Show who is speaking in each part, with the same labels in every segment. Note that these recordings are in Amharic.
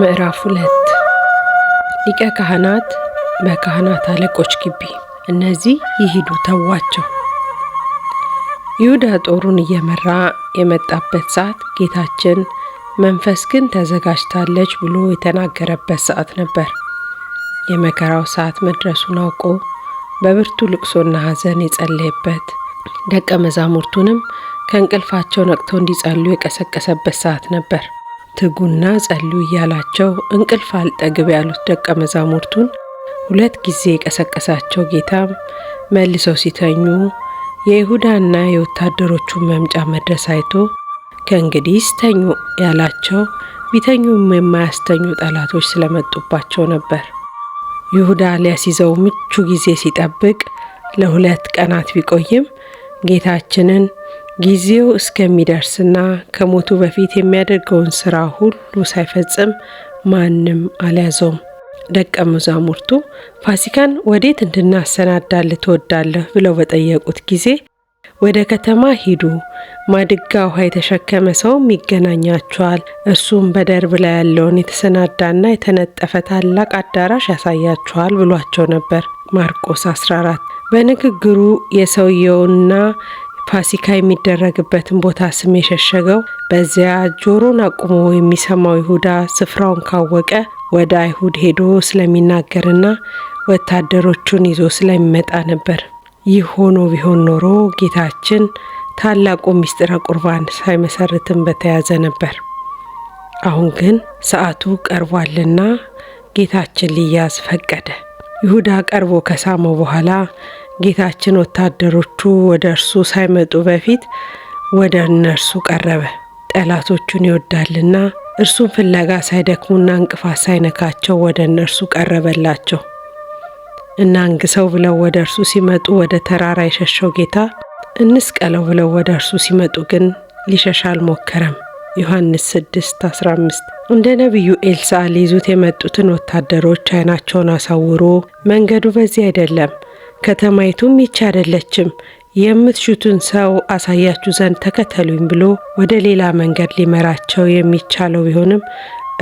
Speaker 1: ምዕራፍ ሁለት ሊቀ ካህናት በካህናት አለቆች ግቢ። እነዚህ ይሂዱ ተዋቸው። ይሁዳ ጦሩን እየመራ የመጣበት ሰዓት ጌታችን መንፈስ ግን ተዘጋጅታለች ብሎ የተናገረበት ሰዓት ነበር። የመከራው ሰዓት መድረሱን አውቆ በብርቱ ልቅሶና ሐዘን የጸለየበት ደቀ መዛሙርቱንም ከእንቅልፋቸው ነቅተው እንዲጸሉ የቀሰቀሰበት ሰዓት ነበር። ትጉና ጸልዩ እያላቸው እንቅልፍ አልጠግብ ያሉት ደቀ መዛሙርቱን ሁለት ጊዜ የቀሰቀሳቸው ጌታም መልሰው ሲተኙ የይሁዳና የወታደሮቹን መምጫ መድረስ አይቶ ከእንግዲህ ስተኙ ያላቸው ቢተኙም የማያስተኙ ጠላቶች ስለመጡባቸው ነበር። ይሁዳ ሊያስይዘው ምቹ ጊዜ ሲጠብቅ ለሁለት ቀናት ቢቆይም ጌታችንን ጊዜው እስከሚደርስና ከሞቱ በፊት የሚያደርገውን ስራ ሁሉ ሳይፈጽም ማንም አልያዘውም። ደቀ መዛሙርቱ ፋሲካን ወዴት እንድናሰናዳልህ ትወዳለህ ብለው በጠየቁት ጊዜ ወደ ከተማ ሂዱ፣ ማድጋ ውሃ የተሸከመ ሰውም ይገናኛችኋል። እርሱም በደርብ ላይ ያለውን የተሰናዳና የተነጠፈ ታላቅ አዳራሽ ያሳያችኋል ብሏቸው ነበር። ማርቆስ 14 በንግግሩ የሰውየውና ፋሲካ የሚደረግበትን ቦታ ስም የሸሸገው በዚያ ጆሮን አቁሞ የሚሰማው ይሁዳ ስፍራውን ካወቀ ወደ አይሁድ ሄዶ ስለሚናገርና ወታደሮቹን ይዞ ስለሚመጣ ነበር። ይህ ሆኖ ቢሆን ኖሮ ጌታችን ታላቁ ምስጢረ ቁርባን ሳይመሰርትም በተያዘ ነበር። አሁን ግን ሰዓቱ ቀርቧልና ጌታችን ሊያዝ ፈቀደ። ይሁዳ ቀርቦ ከሳመው በኋላ ጌታችን ወታደሮቹ ወደ እርሱ ሳይመጡ በፊት ወደ እነርሱ ቀረበ። ጠላቶቹን ይወዳልና እርሱን ፍለጋ ሳይደክሙና እንቅፋት ሳይነካቸው ወደ እነርሱ ቀረበላቸው እና እንግሰው ብለው ወደ እርሱ ሲመጡ ወደ ተራራ የሸሸው ጌታ እንስቀለው ብለው ወደ እርሱ ሲመጡ ግን ሊሸሽ አልሞከረም። ዮሐንስ 6 15 እንደ ነቢዩ ኤልሳዕ ሊይዙት የመጡትን ወታደሮች አይናቸውን አሳውሮ መንገዱ በዚህ አይደለም ከተማይቱም ይቺ አይደለችም፣ የምትሹትን ሰው አሳያችሁ ዘንድ ተከተሉኝ ብሎ ወደ ሌላ መንገድ ሊመራቸው የሚቻለው ቢሆንም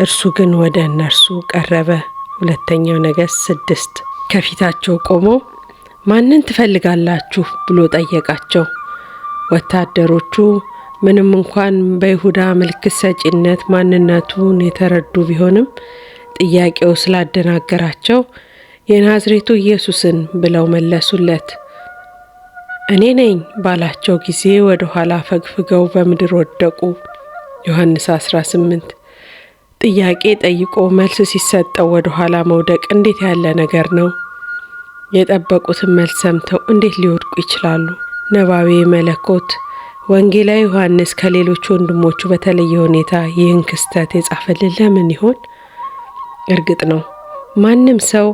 Speaker 1: እርሱ ግን ወደ እነርሱ ቀረበ። ሁለተኛው ነገሥት ስድስት ከፊታቸው ቆሞ ማንን ትፈልጋላችሁ ብሎ ጠየቃቸው። ወታደሮቹ ምንም እንኳን በይሁዳ ምልክት ሰጪነት ማንነቱን የተረዱ ቢሆንም ጥያቄው ስላደናገራቸው የናዝሬቱ ኢየሱስን ብለው መለሱለት። እኔ ነኝ ባላቸው ጊዜ ወደ ኋላ ፈግፍገው በምድር ወደቁ። ዮሐንስ 18 ጥያቄ ጠይቆ መልስ ሲሰጠው ወደ ኋላ መውደቅ እንዴት ያለ ነገር ነው! የጠበቁትን መልስ ሰምተው እንዴት ሊወድቁ ይችላሉ? ነባቤ መለኮት ወንጌላዊ ዮሐንስ ከሌሎች ወንድሞቹ በተለየ ሁኔታ ይህን ክስተት የጻፈልን ለምን ይሆን? እርግጥ ነው ማንም ሰው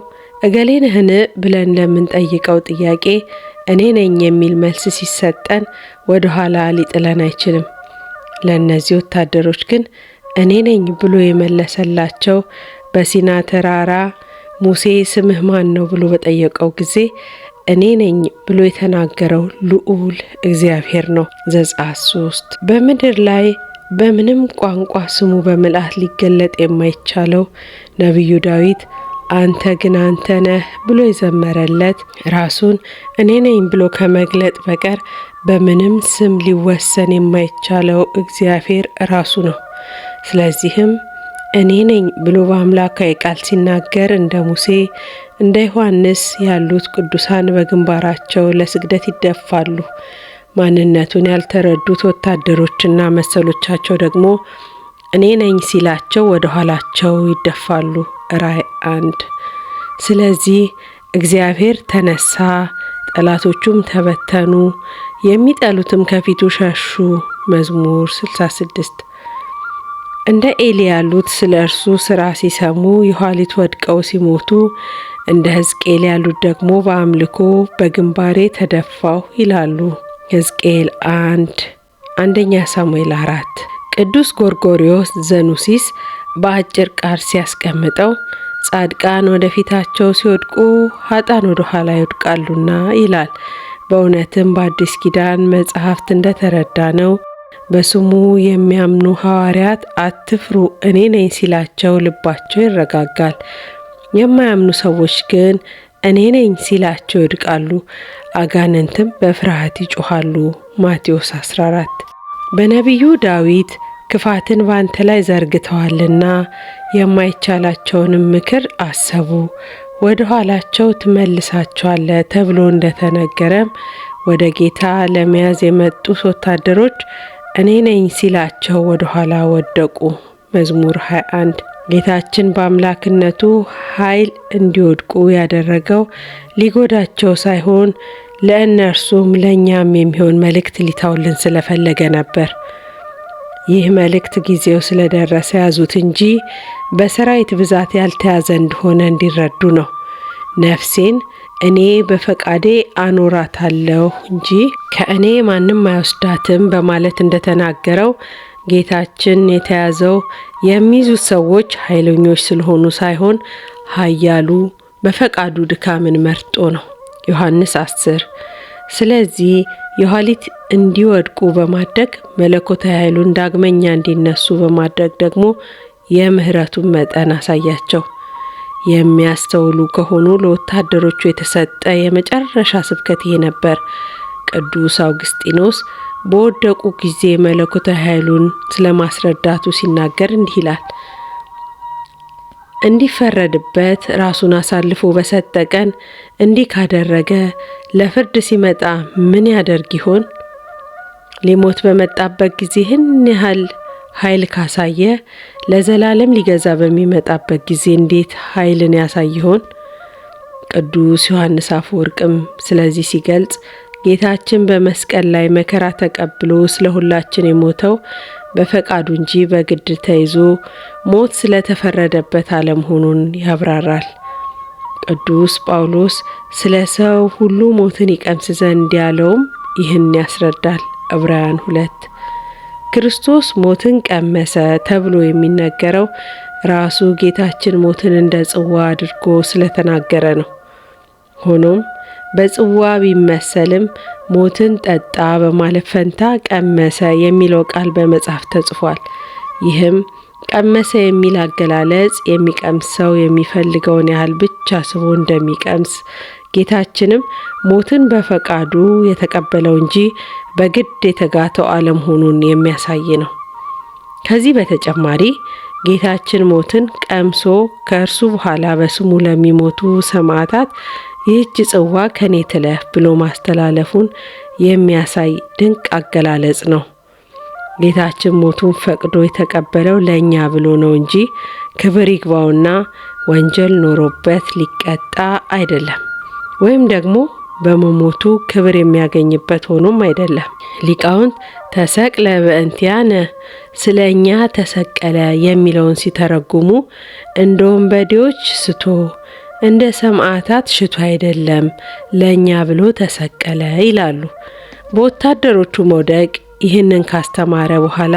Speaker 1: እገሌ ነህን ብለን ለምንጠይቀው ጥያቄ እኔ ነኝ የሚል መልስ ሲሰጠን ወደ ኋላ ሊጥለን አይችልም። ለእነዚህ ወታደሮች ግን እኔ ነኝ ብሎ የመለሰላቸው በሲና ተራራ ሙሴ ስምህ ማን ነው ብሎ በጠየቀው ጊዜ እኔ ነኝ ብሎ የተናገረው ልዑል እግዚአብሔር ነው። ዘጸአት ሶስት በምድር ላይ በምንም ቋንቋ ስሙ በምልአት ሊገለጥ የማይቻለው ነቢዩ ዳዊት አንተ ግን አንተ ነህ ብሎ የዘመረለት ራሱን እኔ ነኝ ብሎ ከመግለጥ በቀር በምንም ስም ሊወሰን የማይቻለው እግዚአብሔር ራሱ ነው። ስለዚህም እኔ ነኝ ብሎ በአምላካዊ ቃል ሲናገር እንደ ሙሴ እንደ ዮሐንስ ያሉት ቅዱሳን በግንባራቸው ለስግደት ይደፋሉ። ማንነቱን ያልተረዱት ወታደሮችና መሰሎቻቸው ደግሞ እኔ ነኝ ሲላቸው ወደ ኋላቸው ይደፋሉ። ራእይ አንድ ስለዚህ እግዚአብሔር ተነሳ፣ ጠላቶቹም ተበተኑ፣ የሚጠሉትም ከፊቱ ሸሹ። መዝሙር 66 እንደ ኤሊ ያሉት ስለ እርሱ ስራ ሲሰሙ የኋሊት ወድቀው ሲሞቱ፣ እንደ ሕዝቅኤል ያሉት ደግሞ በአምልኮ በግንባሬ ተደፋው ይላሉ። ሕዝቅኤል አንድ አንደኛ ሳሙኤል አራት ቅዱስ ጎርጎሪዎስ ዘኑሲስ በአጭር ቃር ሲያስቀምጠው ጻድቃን ወደፊታቸው ሲወድቁ ሀጣን ወደ ኋላ ይወድቃሉና ይላል። በእውነትም በአዲስ ኪዳን መጽሐፍት እንደተረዳ ነው በስሙ የሚያምኑ ሐዋርያት አትፍሩ እኔ ነኝ ሲላቸው ልባቸው ይረጋጋል። የማያምኑ ሰዎች ግን እኔ ነኝ ሲላቸው ይወድቃሉ፣ አጋንንትም በፍርሃት ይጮኋሉ። ማቴዎስ 14 በነቢዩ ዳዊት ክፋትን በአንተ ላይ ዘርግተዋልና የማይቻላቸውንም ምክር አሰቡ፣ ወደ ኋላቸው ትመልሳቸዋለ ተብሎ እንደተነገረም ወደ ጌታ ለመያዝ የመጡት ወታደሮች እኔ ነኝ ሲላቸው ወደ ኋላ ወደቁ። መዝሙር 21 ጌታችን በአምላክነቱ ኃይል እንዲወድቁ ያደረገው ሊጎዳቸው ሳይሆን ለእነርሱም ለእኛም የሚሆን መልእክት ሊታውልን ስለፈለገ ነበር። ይህ መልእክት ጊዜው ስለደረሰ ያዙት እንጂ በሰራዊት ብዛት ያልተያዘ እንደሆነ እንዲረዱ ነው። ነፍሴን እኔ በፈቃዴ አኖራታለሁ እንጂ ከእኔ ማንም አይወስዳትም በማለት እንደተናገረው ጌታችን የተያዘው የሚይዙት ሰዎች ኃይለኞች ስለሆኑ ሳይሆን ኃያሉ በፈቃዱ ድካምን መርጦ ነው። ዮሐንስ 10 ስለዚህ የኋሊት እንዲወድቁ በማድረግ መለኮታዊ ኃይሉን ዳግመኛ እንዲነሱ በማድረግ ደግሞ የምህረቱን መጠን አሳያቸው። የሚያስተውሉ ከሆኑ ለወታደሮቹ የተሰጠ የመጨረሻ ስብከት ይሄ ነበር። ቅዱስ አውግስጢኖስ በወደቁ ጊዜ መለኮታዊ ኃይሉን ስለማስረዳቱ ሲናገር እንዲህ ይላል። እንዲፈረድበት ራሱን አሳልፎ በሰጠ ቀን እንዲህ ካደረገ ለፍርድ ሲመጣ ምን ያደርግ ይሆን? ሊሞት በመጣበት ጊዜ ይህን ያህል ኃይል ካሳየ ለዘላለም ሊገዛ በሚመጣበት ጊዜ እንዴት ኃይልን ያሳይ ይሆን? ቅዱስ ዮሐንስ አፈወርቅም ስለዚህ ሲገልጽ ጌታችን በመስቀል ላይ መከራ ተቀብሎ ስለ ሁላችን የሞተው በፈቃዱ እንጂ በግድ ተይዞ ሞት ስለተፈረደበት አለመሆኑን ያብራራል። ቅዱስ ጳውሎስ ስለ ሰው ሁሉ ሞትን ይቀምስ ዘንድ ያለውም ይህን ያስረዳል። ዕብራውያን ሁለት ክርስቶስ ሞትን ቀመሰ ተብሎ የሚነገረው ራሱ ጌታችን ሞትን እንደ ጽዋ አድርጎ ስለተናገረ ነው። ሆኖም በጽዋ ቢመሰልም ሞትን ጠጣ በማለት ፈንታ ቀመሰ የሚለው ቃል በመጽሐፍ ተጽፏል። ይህም ቀመሰ የሚል አገላለጽ የሚቀምሰው የሚፈልገውን ያህል ብቻ ስቦ እንደሚቀምስ ጌታችንም ሞትን በፈቃዱ የተቀበለው እንጂ በግድ የተጋተው አለመሆኑን የሚያሳይ ነው። ከዚህ በተጨማሪ ጌታችን ሞትን ቀምሶ ከእርሱ በኋላ በስሙ ለሚሞቱ ሰማዕታት ይህች ጽዋ ከኔ ትለፍ ብሎ ማስተላለፉን የሚያሳይ ድንቅ አገላለጽ ነው። ጌታችን ሞቱን ፈቅዶ የተቀበለው ለእኛ ብሎ ነው እንጂ ክብር ይግባውና ወንጀል ኖሮበት ሊቀጣ አይደለም። ወይም ደግሞ በመሞቱ ክብር የሚያገኝበት ሆኖም አይደለም። ሊቃውንት ተሰቅለ በእንቲያነ ስለ እኛ ተሰቀለ የሚለውን ሲተረጉሙ እንደ ወንበዴዎች ስቶ እንደ ሰማዕታት ሽቶ አይደለም ለእኛ ብሎ ተሰቀለ ይላሉ። በወታደሮቹ መውደቅ ይህንን ካስተማረ በኋላ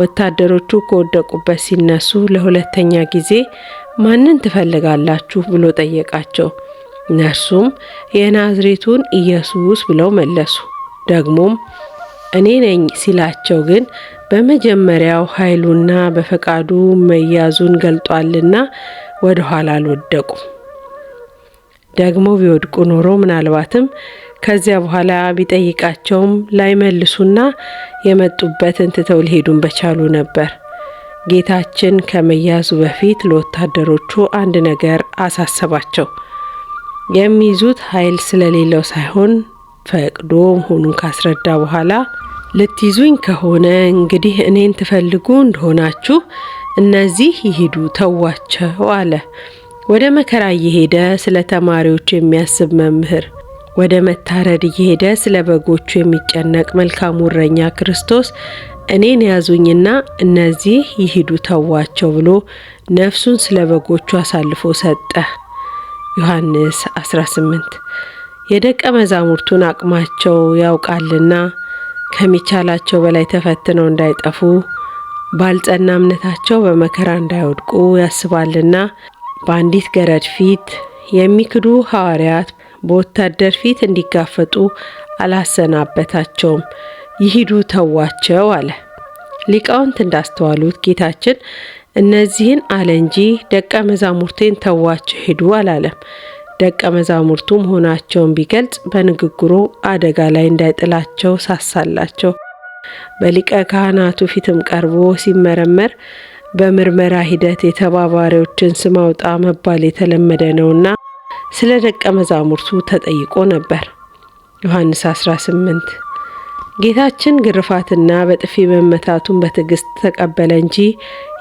Speaker 1: ወታደሮቹ ከወደቁበት ሲነሱ ለሁለተኛ ጊዜ ማንን ትፈልጋላችሁ ብሎ ጠየቃቸው። እነርሱም የናዝሬቱን ኢየሱስ ብለው መለሱ። ደግሞም እኔ ነኝ ሲላቸው ግን በመጀመሪያው ኃይሉና በፈቃዱ መያዙን ገልጧልና ወደ ኋላ አልወደቁም። ደግሞ ቢወድቁ ኖሮ ምናልባትም ከዚያ በኋላ ቢጠይቃቸውም ላይመልሱና የመጡበትን ትተው ሊሄዱን በቻሉ ነበር። ጌታችን ከመያዙ በፊት ለወታደሮቹ አንድ ነገር አሳሰባቸው። የሚይዙት ኃይል ስለሌለው ሳይሆን ፈቅዶ መሆኑን ካስረዳ በኋላ ልትይዙኝ ከሆነ እንግዲህ እኔን ትፈልጉ እንደሆናችሁ እነዚህ ይሂዱ፣ ተዋቸው አለ። ወደ መከራ እየሄደ ስለ ተማሪዎቹ የሚያስብ መምህር፣ ወደ መታረድ እየሄደ ስለ በጎቹ የሚጨነቅ መልካሙ እረኛ ክርስቶስ እኔን ያዙኝና እነዚህ ይሂዱ ተዋቸው ብሎ ነፍሱን ስለ በጎቹ አሳልፎ ሰጠ። ዮሐንስ 18 የደቀ መዛሙርቱን አቅማቸው ያውቃልና ከሚቻላቸው በላይ ተፈትነው እንዳይጠፉ ባልጸና እምነታቸው በመከራ እንዳይወድቁ ያስባልና በአንዲት ገረድ ፊት የሚክዱ ሐዋርያት በወታደር ፊት እንዲጋፈጡ አላሰናበታቸውም። ይሂዱ ተዋቸው አለ። ሊቃውንት እንዳስተዋሉት ጌታችን እነዚህን አለ እንጂ ደቀ መዛሙርቴን ተዋቸው ሂዱ አላለም። ደቀ መዛሙርቱ መሆናቸውን ቢገልጽ በንግግሩ አደጋ ላይ እንዳይጥላቸው ሳሳላቸው። በሊቀ ካህናቱ ፊትም ቀርቦ ሲመረመር በምርመራ ሂደት የተባባሪዎችን ስም አውጣ መባል የተለመደ ነውና ስለ ደቀ መዛሙርቱ ተጠይቆ ነበር። ዮሐንስ 18 ጌታችን ግርፋትና በጥፊ መመታቱን በትዕግስት ተቀበለ እንጂ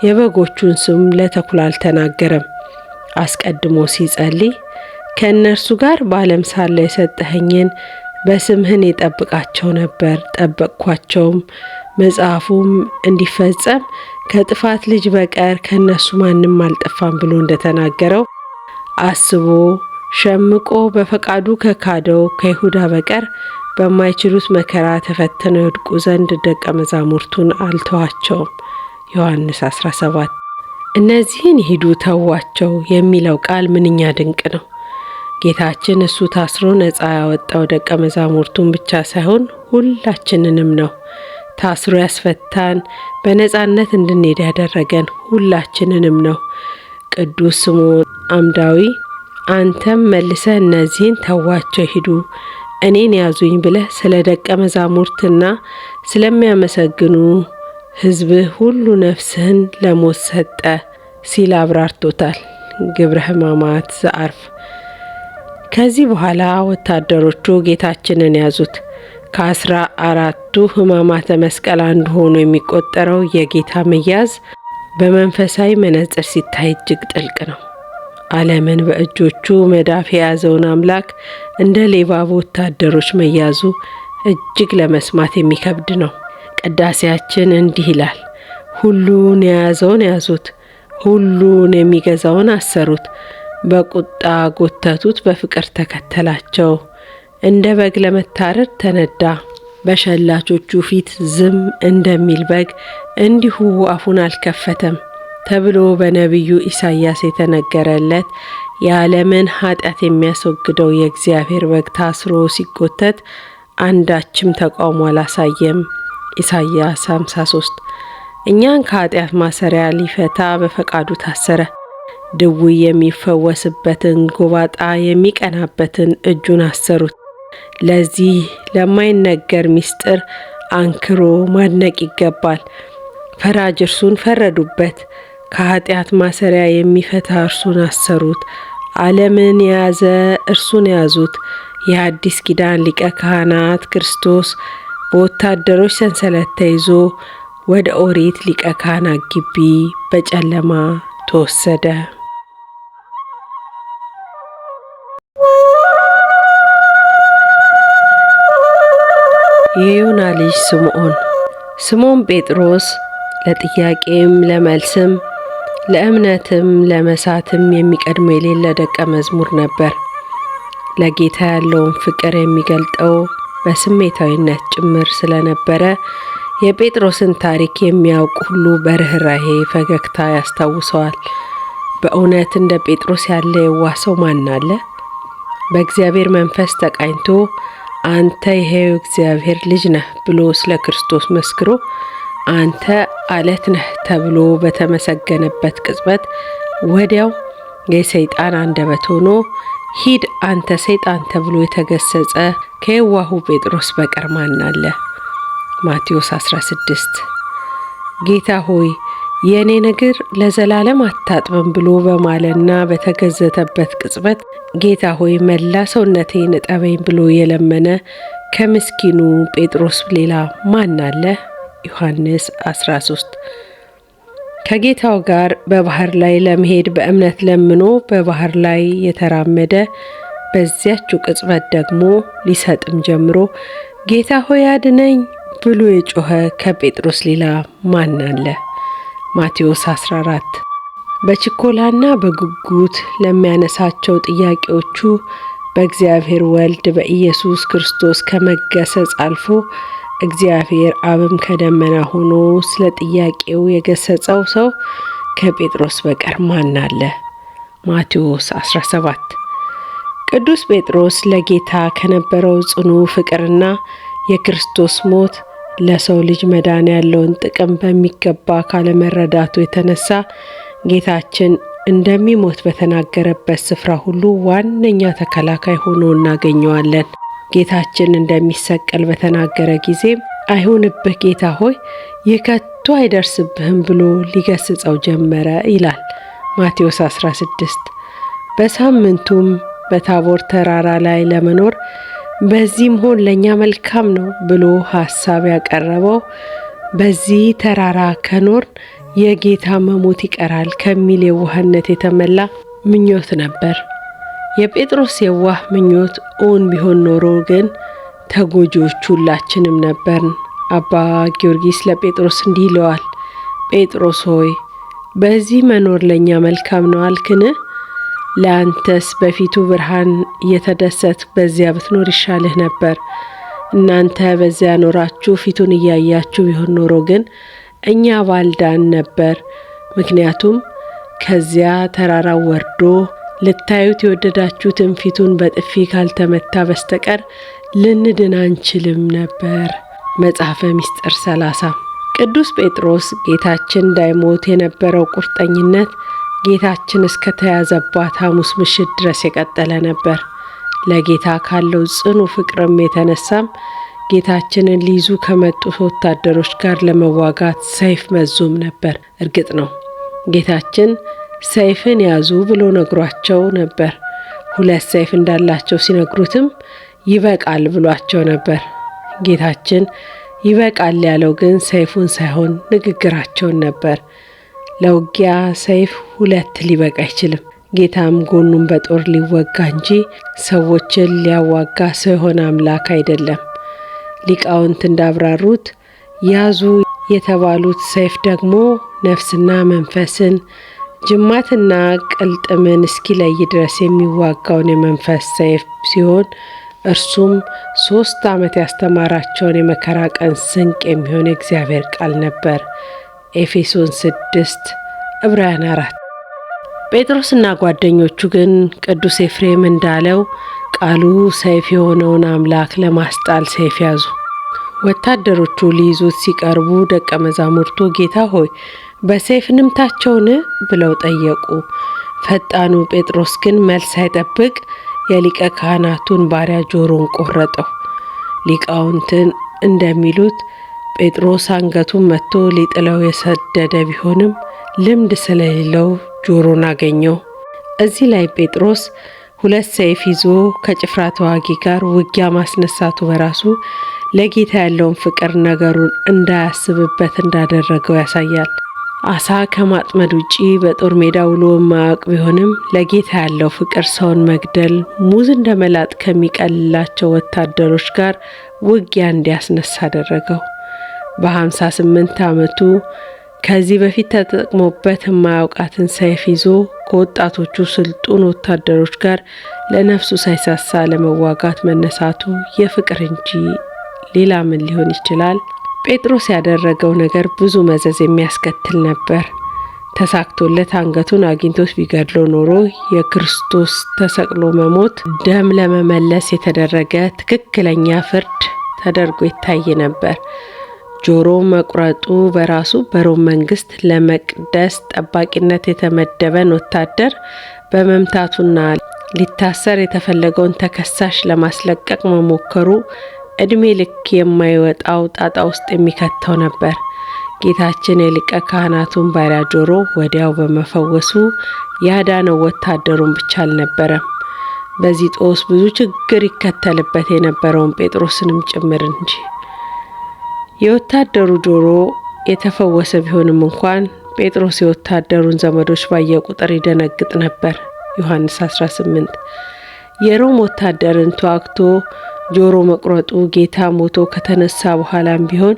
Speaker 1: የበጎቹን ስም ለተኩላ አልተናገረም። አስቀድሞ ሲጸልይ ከእነርሱ ጋር በዓለም ሳለ የሰጠኸኝን በስምህን የጠብቃቸው ነበር፣ ጠበቅኳቸውም። መጽሐፉም እንዲፈጸም ከጥፋት ልጅ በቀር ከእነሱ ማንም አልጠፋም ብሎ እንደተናገረው አስቦ ሸምቆ በፈቃዱ ከካደው ከይሁዳ በቀር በማይችሉት መከራ ተፈትነው ይወድቁ ዘንድ ደቀ መዛሙርቱን አልተዋቸውም። ዮሐንስ 17 እነዚህን ሂዱ ተዋቸው የሚለው ቃል ምንኛ ድንቅ ነው! ጌታችን እሱ ታስሮ ነፃ ያወጣው ደቀ መዛሙርቱን ብቻ ሳይሆን ሁላችንንም ነው። ታስሮ ያስፈታን፣ በነፃነት እንድንሄድ ያደረገን ሁላችንንም ነው። ቅዱስ ስምዖን አምዳዊ አንተም መልሰህ እነዚህን ተዋቸው ሂዱ እኔን ያዙኝ ብለህ ስለ ደቀ መዛሙርትና ስለሚያመሰግኑ ሕዝብህ ሁሉ ነፍስህን ለሞት ሰጠ ሲል አብራርቶታል። ግብረ ሕማማት ዘአርፍ ከዚህ በኋላ ወታደሮቹ ጌታችንን ያዙት። ከአስራ አራቱ ሕማማተ መስቀል አንዱ ሆኖ የሚቆጠረው የጌታ መያዝ በመንፈሳዊ መነጽር ሲታይ እጅግ ጥልቅ ነው። ዓለምን በእጆቹ መዳፍ የያዘውን አምላክ እንደ ሌባቡ ወታደሮች መያዙ እጅግ ለመስማት የሚከብድ ነው። ቅዳሴያችን እንዲህ ይላል። ሁሉን የያዘውን ያዙት፣ ሁሉን የሚገዛውን አሰሩት በቁጣ ጎተቱት፣ በፍቅር ተከተላቸው። እንደ በግ ለመታረድ ተነዳ። በሸላቾቹ ፊት ዝም እንደሚል በግ እንዲሁ አፉን አልከፈተም ተብሎ በነቢዩ ኢሳይያስ የተነገረለት የዓለምን ኃጢአት የሚያስወግደው የእግዚአብሔር በግ ታስሮ ሲጎተት አንዳችም ተቃውሞ አላሳየም። ኢሳይያስ 53 እኛን ከኃጢአት ማሰሪያ ሊፈታ በፈቃዱ ታሰረ። ድውይ የሚፈወስበትን ጎባጣ የሚቀናበትን እጁን አሰሩት። ለዚህ ለማይነገር ምስጢር አንክሮ ማድነቅ ይገባል። ፈራጅ እርሱን ፈረዱበት፣ ከኃጢአት ማሰሪያ የሚፈታ እርሱን አሰሩት። ዓለምን የያዘ እርሱን ያዙት። የአዲስ ኪዳን ሊቀ ካህናት ክርስቶስ በወታደሮች ሰንሰለት ተይዞ ወደ ኦሪት ሊቀ ካህናት ግቢ በጨለማ ተወሰደ። የዮና ልጅ ስምዖን። ስምዖን ጴጥሮስ ለጥያቄም ለመልስም ለእምነትም ለመሳትም የሚቀድመው የሌለ ደቀ መዝሙር ነበር። ለጌታ ያለውን ፍቅር የሚገልጠው በስሜታዊነት ጭምር ስለነበረ የጴጥሮስን ታሪክ የሚያውቅ ሁሉ በርኅራሄ ፈገግታ ያስታውሰዋል። በእውነት እንደ ጴጥሮስ ያለ የዋህ ሰው ማን አለ? በእግዚአብሔር መንፈስ ተቃኝቶ አንተ የሕያው እግዚአብሔር ልጅ ነህ ብሎ ስለ ክርስቶስ መስክሮ አንተ አለት ነህ ተብሎ በተመሰገነበት ቅጽበት ወዲያው የሰይጣን አንደበት ሆኖ ሂድ አንተ ሰይጣን ተብሎ የተገሰጸ ከየዋሁ ጴጥሮስ በቀር ማን አለ? ማቴዎስ 16 ጌታ ሆይ የእኔ ነገር ለዘላለም አታጥብም ብሎ በማለና በተገዘተበት ቅጽበት ጌታ ሆይ መላ ሰውነቴን እጠበኝ ብሎ የለመነ ከምስኪኑ ጴጥሮስ ሌላ ማን አለ? ዮሐንስ 13 ከጌታው ጋር በባህር ላይ ለመሄድ በእምነት ለምኖ በባህር ላይ የተራመደ በዚያችው ቅጽበት ደግሞ ሊሰጥም ጀምሮ ጌታ ሆይ አድነኝ ብሎ የጮኸ ከጴጥሮስ ሌላ ማን አለ? ማቴዎስ 14 በችኮላና በጉጉት ለሚያነሳቸው ጥያቄዎቹ በእግዚአብሔር ወልድ በኢየሱስ ክርስቶስ ከመገሰጽ አልፎ እግዚአብሔር አብም ከደመና ሆኖ ስለ ጥያቄው የገሰጸው ሰው ከጴጥሮስ በቀር ማን አለ? ማቴዎስ 17 ቅዱስ ጴጥሮስ ለጌታ ከነበረው ጽኑ ፍቅርና የክርስቶስ ሞት ለሰው ልጅ መዳን ያለውን ጥቅም በሚገባ ካለመረዳቱ የተነሳ ጌታችን እንደሚሞት በተናገረበት ስፍራ ሁሉ ዋነኛ ተከላካይ ሆኖ እናገኘዋለን። ጌታችን እንደሚሰቀል በተናገረ ጊዜም አይሁንብህ ጌታ ሆይ ይህ ከቶ አይደርስብህም ብሎ ሊገስጸው ጀመረ ይላል ማቴዎስ 16። በሳምንቱም በታቦር ተራራ ላይ ለመኖር በዚህ መሆን ለእኛ መልካም ነው ብሎ ሀሳብ ያቀረበው በዚህ ተራራ ከኖር የጌታ መሞት ይቀራል ከሚል የዋህነት የተሞላ ምኞት ነበር። የጴጥሮስ የዋህ ምኞት እውን ቢሆን ኖሮ ግን ተጎጂዎች ሁላችንም ነበርን። አባ ጊዮርጊስ ለጴጥሮስ እንዲህ ይለዋል፣ ጴጥሮስ ሆይ በዚህ መኖር ለእኛ መልካም ነው አልክን? ለአንተስ በፊቱ ብርሃን እየተደሰት በዚያ ብትኖር ይሻልህ ነበር። እናንተ በዚያ ኖራችሁ ፊቱን እያያችሁ ቢሆን ኖሮ ግን እኛ ባልዳን ነበር። ምክንያቱም ከዚያ ተራራው ወርዶ ልታዩት የወደዳችሁትን ፊቱን በጥፊ ካልተመታ በስተቀር ልንድን አንችልም ነበር። መጽሐፈ ምስጢር ሰላሳ ቅዱስ ጴጥሮስ ጌታችን እንዳይሞት የነበረው ቁርጠኝነት ጌታችን እስከ ተያዘባት ሐሙስ ምሽት ድረስ የቀጠለ ነበር። ለጌታ ካለው ጽኑ ፍቅርም የተነሳም ጌታችንን ሊይዙ ከመጡት ወታደሮች ጋር ለመዋጋት ሰይፍ መዞም ነበር። እርግጥ ነው ጌታችን ሰይፍን ያዙ ብሎ ነግሯቸው ነበር። ሁለት ሰይፍ እንዳላቸው ሲነግሩትም ይበቃል ብሏቸው ነበር። ጌታችን ይበቃል ያለው ግን ሰይፉን ሳይሆን ንግግራቸውን ነበር። ለውጊያ ሰይፍ ሁለት ሊበቃ አይችልም። ጌታም ጎኑን በጦር ሊወጋ እንጂ ሰዎችን ሊያዋጋ ሰው የሆነ አምላክ አይደለም። ሊቃውንት እንዳብራሩት ያዙ የተባሉት ሰይፍ ደግሞ ነፍስና መንፈስን ጅማትና ቅልጥምን እስኪለይ ድረስ የሚዋጋውን የመንፈስ ሰይፍ ሲሆን እርሱም ሶስት ዓመት ያስተማራቸውን የመከራ ቀን ስንቅ የሚሆን የእግዚአብሔር ቃል ነበር። ኤፌሶን 6 ዕብራውያን 4። ጴጥሮስና ጓደኞቹ ግን ቅዱስ ኤፍሬም እንዳለው ቃሉ ሰይፍ የሆነውን አምላክ ለማስጣል ሰይፍ ያዙ። ወታደሮቹ ሊይዙት ሲቀርቡ ደቀ መዛሙርቱ ጌታ ሆይ በሰይፍ ንምታቸውን ብለው ጠየቁ። ፈጣኑ ጴጥሮስ ግን መልስ ሳይጠብቅ የሊቀ ካህናቱን ባሪያ ጆሮን ቆረጠው። ሊቃውንትን እንደሚሉት ጴጥሮስ አንገቱን መጥቶ ሊጥለው የሰደደ ቢሆንም ልምድ ስለሌለው ጆሮን አገኘው። እዚህ ላይ ጴጥሮስ ሁለት ሰይፍ ይዞ ከጭፍራ ተዋጊ ጋር ውጊያ ማስነሳቱ በራሱ ለጌታ ያለውን ፍቅር ነገሩን እንዳያስብበት እንዳደረገው ያሳያል። አሳ ከማጥመድ ውጪ በጦር ሜዳ ውሎ የማያውቅ ቢሆንም ለጌታ ያለው ፍቅር ሰውን መግደል ሙዝ እንደ መላጥ ከሚቀልላቸው ወታደሮች ጋር ውጊያ እንዲያስነሳ አደረገው። በ58 ዓመቱ ከዚህ በፊት ተጠቅሞበት የማያውቃትን ሰይፍ ይዞ ከወጣቶቹ ስልጡን ወታደሮች ጋር ለነፍሱ ሳይሳሳ ለመዋጋት መነሳቱ የፍቅር እንጂ ሌላ ምን ሊሆን ይችላል? ጴጥሮስ ያደረገው ነገር ብዙ መዘዝ የሚያስከትል ነበር። ተሳክቶለት አንገቱን አግኝቶት ቢገድለው ኖሮ የክርስቶስ ተሰቅሎ መሞት ደም ለመመለስ የተደረገ ትክክለኛ ፍርድ ተደርጎ ይታይ ነበር። ጆሮ መቁረጡ በራሱ በሮም መንግስት ለመቅደስ ጠባቂነት የተመደበን ወታደር በመምታቱና ሊታሰር የተፈለገውን ተከሳሽ ለማስለቀቅ መሞከሩ እድሜ ልክ የማይወጣው ጣጣ ውስጥ የሚከተው ነበር። ጌታችን የሊቀ ካህናቱን ባሪያ ጆሮ ወዲያው በመፈወሱ ያዳነው ወታደሩን ብቻ አልነበረም። በዚህ ጦስ ብዙ ችግር ይከተልበት የነበረውን ጴጥሮስንም ጭምር እንጂ። የወታደሩ ጆሮ የተፈወሰ ቢሆንም እንኳን ጴጥሮስ የወታደሩን ዘመዶች ባየ ቁጥር ይደነግጥ ነበር። ዮሐንስ 18 የሮም ወታደርን ተዋግቶ ጆሮ መቁረጡ ጌታ ሞቶ ከተነሳ በኋላም ቢሆን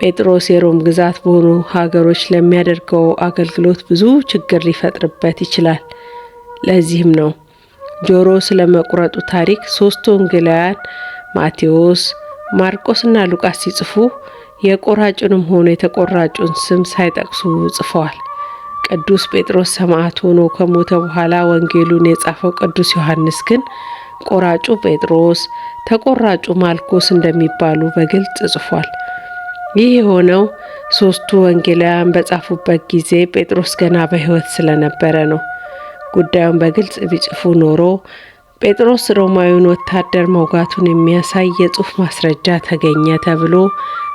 Speaker 1: ጴጥሮስ የሮም ግዛት በሆኑ ሀገሮች ለሚያደርገው አገልግሎት ብዙ ችግር ሊፈጥርበት ይችላል። ለዚህም ነው ጆሮ ስለ መቁረጡ ታሪክ ሦስቱ ወንጌላውያን ማቴዎስ ማርቆስና ሉቃስ ሲጽፉ የቆራጩንም ሆነ የተቆራጩን ስም ሳይጠቅሱ ጽፈዋል። ቅዱስ ጴጥሮስ ሰማዕት ሆኖ ከሞተ በኋላ ወንጌሉን የጻፈው ቅዱስ ዮሐንስ ግን ቆራጩ ጴጥሮስ፣ ተቆራጩ ማልኮስ እንደሚባሉ በግልጽ ጽፏል። ይህ የሆነው ሶስቱ ወንጌላውያን በጻፉበት ጊዜ ጴጥሮስ ገና በሕይወት ስለነበረ ነው። ጉዳዩን በግልጽ ቢጽፉ ኖሮ ጴጥሮስ ሮማዊውን ወታደር መውጋቱን የሚያሳይ የጽሑፍ ማስረጃ ተገኘ ተብሎ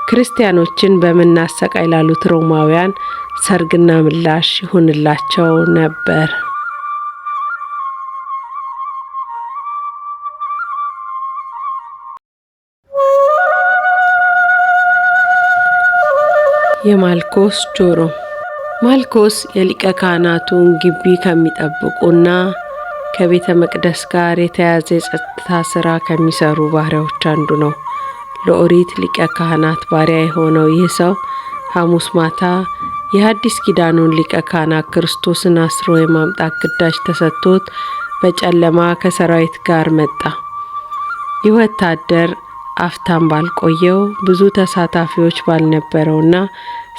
Speaker 1: ክርስቲያኖችን በምናሰቃይ ላሉት ሮማውያን ሰርግና ምላሽ ይሁንላቸው ነበር። የማልኮስ ጆሮ ማልኮስ የሊቀ ካህናቱን ግቢ ከሚጠብቁና ከቤተ መቅደስ ጋር የተያያዘ የጸጥታ ስራ ከሚሰሩ ባሪያዎች አንዱ ነው። ለኦሪት ሊቀ ካህናት ባሪያ የሆነው ይህ ሰው ሐሙስ ማታ የሐዲስ ኪዳኑን ሊቀ ካህናት ክርስቶስን አስሮ የማምጣት ግዳጅ ተሰጥቶት በጨለማ ከሰራዊት ጋር መጣ። ይህ ወታደር አፍታም ባልቆየው ብዙ ተሳታፊዎች ባልነበረውና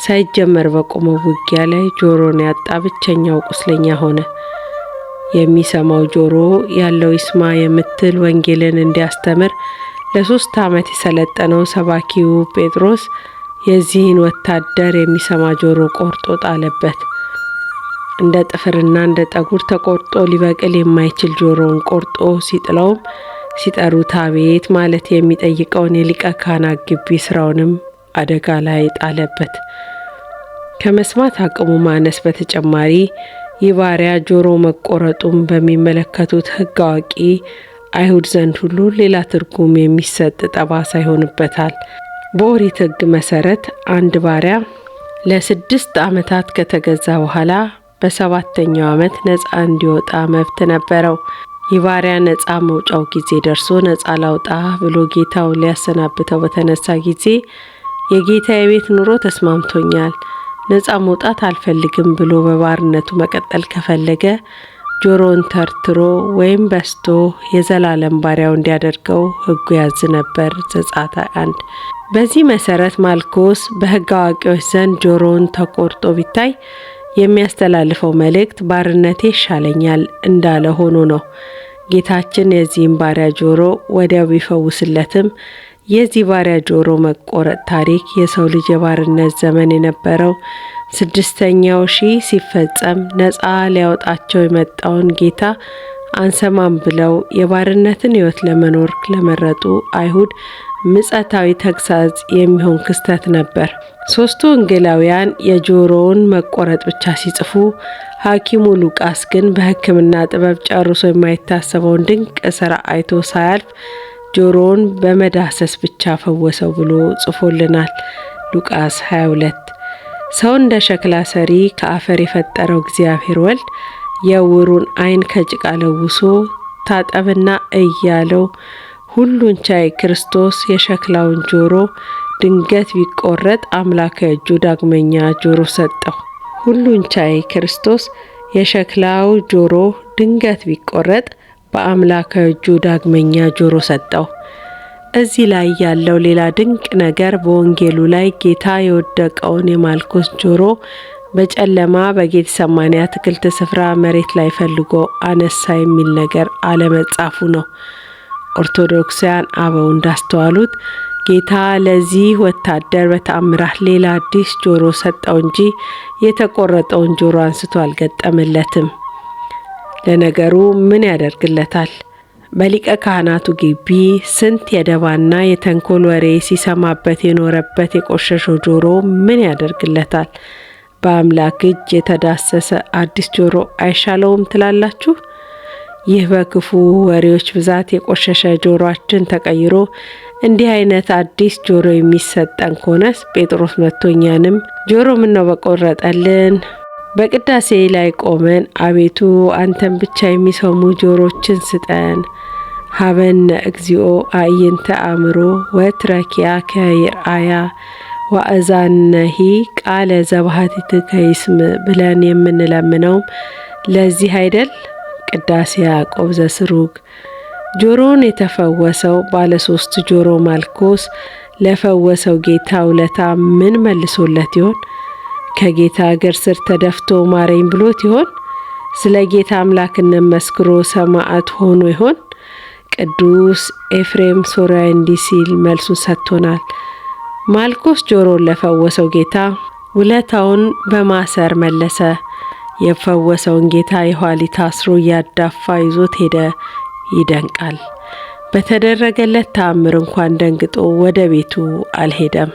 Speaker 1: ሳይጀመር በቆመው ውጊያ ላይ ጆሮን ያጣ ብቸኛው ቁስለኛ ሆነ። የሚሰማው ጆሮ ያለው ይስማ የምትል ወንጌልን እንዲያስተምር ለሶስት ዓመት የሰለጠነው ሰባኪው ጴጥሮስ የዚህን ወታደር የሚሰማ ጆሮ ቆርጦ ጣለበት። እንደ ጥፍርና እንደ ጠጉር ተቆርጦ ሊበቅል የማይችል ጆሮውን ቆርጦ ሲጥለውም ሲጠሩት አቤት ማለት የሚጠይቀውን የሊቀ ካህናት ግቢ ስራውንም አደጋ ላይ ጣለበት። ከመስማት አቅሙ ማነስ በተጨማሪ የባሪያ ጆሮ መቆረጡን በሚመለከቱት ሕግ አዋቂ አይሁድ ዘንድ ሁሉ ሌላ ትርጉም የሚሰጥ ጠባሳ ይሆንበታል። በኦሪት ሕግ መሰረት አንድ ባሪያ ለስድስት ዓመታት ከተገዛ በኋላ በሰባተኛው ዓመት ነፃ እንዲወጣ መብት ነበረው። የባሪያ ነፃ መውጫው ጊዜ ደርሶ ነፃ ላውጣ ብሎ ጌታው ሊያሰናብተው በተነሳ ጊዜ የጌታ የቤት ኑሮ ተስማምቶኛል ነፃ መውጣት አልፈልግም ብሎ በባርነቱ መቀጠል ከፈለገ ጆሮን ተርትሮ ወይም በስቶ የዘላለም ባሪያው እንዲያደርገው ሕጉ ያዝ ነበር። ዘጸአት አንድ በዚህ መሰረት ማልኮስ በሕግ አዋቂዎች ዘንድ ጆሮውን ተቆርጦ ቢታይ የሚያስተላልፈው መልእክት ባርነቴ ይሻለኛል እንዳለ ሆኖ ነው። ጌታችን የዚህም ባሪያ ጆሮ ወዲያው ቢፈውስለትም የዚህ ባሪያ ጆሮ መቆረጥ ታሪክ የሰው ልጅ የባርነት ዘመን የነበረው ስድስተኛው ሺህ ሲፈጸም ነፃ ሊያወጣቸው የመጣውን ጌታ አንሰማም ብለው የባርነትን ሕይወት ለመኖር ለመረጡ አይሁድ ምጸታዊ ተግሳጽ የሚሆን ክስተት ነበር። ሦስቱ ወንጌላውያን የጆሮውን መቆረጥ ብቻ ሲጽፉ፣ ሐኪሙ ሉቃስ ግን በሕክምና ጥበብ ጨርሶ የማይታሰበውን ድንቅ ሥራ አይቶ ሳያልፍ ጆሮውን በመዳሰስ ብቻ ፈወሰው ብሎ ጽፎልናል ሉቃስ 22። ሰው እንደ ሸክላ ሰሪ ከአፈር የፈጠረው እግዚአብሔር ወልድ የውሩን አይን ከጭቃ ለውሶ ታጠብና እያለው ሁሉን ቻይ ክርስቶስ የሸክላውን ጆሮ ድንገት ቢቆረጥ አምላከ እጁ ዳግመኛ ጆሮ ሰጠው። ሁሉን ቻይ ክርስቶስ የሸክላው ጆሮ ድንገት ቢቆረጥ በአምላከ እጁ ዳግመኛ ጆሮ ሰጠው። እዚህ ላይ ያለው ሌላ ድንቅ ነገር በወንጌሉ ላይ ጌታ የወደቀውን የማልኮስ ጆሮ በጨለማ በጌቴሰማኒ አትክልት ስፍራ መሬት ላይ ፈልጎ አነሳ የሚል ነገር አለመጻፉ ነው። ኦርቶዶክሳውያን አበው እንዳስተዋሉት ጌታ ለዚህ ወታደር በተአምራት ሌላ አዲስ ጆሮ ሰጠው እንጂ የተቆረጠውን ጆሮ አንስቶ አልገጠመለትም። ለነገሩ ምን ያደርግለታል? በሊቀ ካህናቱ ግቢ ስንት የደባና የተንኮል ወሬ ሲሰማበት የኖረበት የቆሸሸው ጆሮ ምን ያደርግለታል? በአምላክ እጅ የተዳሰሰ አዲስ ጆሮ አይሻለውም ትላላችሁ? ይህ በክፉ ወሬዎች ብዛት የቆሸሸ ጆሮአችን ተቀይሮ እንዲህ አይነት አዲስ ጆሮ የሚሰጠን ከሆነስ ጴጥሮስ መቶኛንም ጆሮ ምነው በቆረጠልን በቅዳሴ ላይ ቆመን አቤቱ አንተን ብቻ የሚሰሙ ጆሮችን ስጠን። ሀበነ እግዚኦ አእይንተ አእምሮ ወትረኪያ ከይርአያ ዋእዛነሂ ቃለ ዘባህቲት ከይስም ብለን የምንለምነው ለዚህ አይደል? ቅዳሴ ያዕቆብ ዘስሩግ ጆሮውን የተፈወሰው ባለሶስት ጆሮ ማልኮስ ለፈወሰው ጌታ ውለታ ምን መልሶለት ይሆን? ከጌታ እግር ስር ተደፍቶ ማረኝ ብሎት ይሆን? ስለ ጌታ አምላክነት መስክሮ ሰማዕት ሆኖ ይሆን? ቅዱስ ኤፍሬም ሶርያዊ እንዲህ ሲል መልሱን ሰጥቶናል። ማልኮስ ጆሮን ለፈወሰው ጌታ ውለታውን በማሰር መለሰ። የፈወሰውን ጌታ የኋሊ አስሮ እያዳፋ ይዞት ሄደ። ይደንቃል። በተደረገለት ተአምር እንኳን ደንግጦ ወደ ቤቱ አልሄደም።